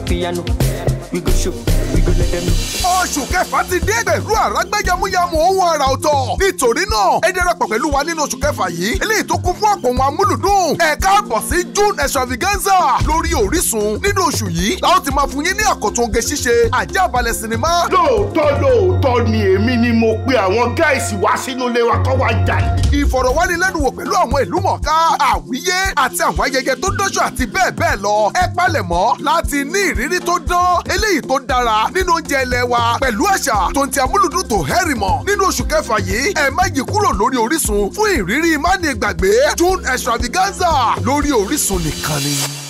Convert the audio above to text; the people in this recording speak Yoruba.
tema piano. we go show we go let them know. oṣù kẹfà ti dé pẹ̀lú àrágbẹ́yàmúyàmú ohun àrà ọ̀tọ̀ nítorí náà ẹ darapọ̀ pẹ̀lú wa nínú oṣù kẹfà yìí eléyìí tó kún fún ọ̀pọ̀ ohun amúlùdùn ẹ káàbọ̀ sí June extravaganza lórí Orísun nínú oṣù yìí la ó ti máa fún yín ní àkọ́tún oge ṣíṣe àjàbalẹ̀ sinimá. lóòótọ́ lóòótọ́ ni èmi ni mo pe àwọn gáìsì wá sínú ilé wa kọ́ wa jà ní. ìfọ̀rọ̀wánilẹ́nuwò pẹ̀lú àwọn ìlú mọ̀ká àwíyé àti àwọn ayẹyẹ tó dọ́ṣọ́ àti bẹ́ẹ̀ bẹ́ẹ̀ lọ ẹ palẹ̀ mọ́ láti ní ìrírí tó dán eléyìí tó dára nínú oúnjẹ ilẹ̀ wa pẹ̀lú àṣà tó ń ti amúlùdùn tó nínú oṣù kẹfà yìí ẹ má yí kúrò lórí Orísun fún ìrírí má ní gbàgbé June extravaganza lórí Orísun nìkan ni.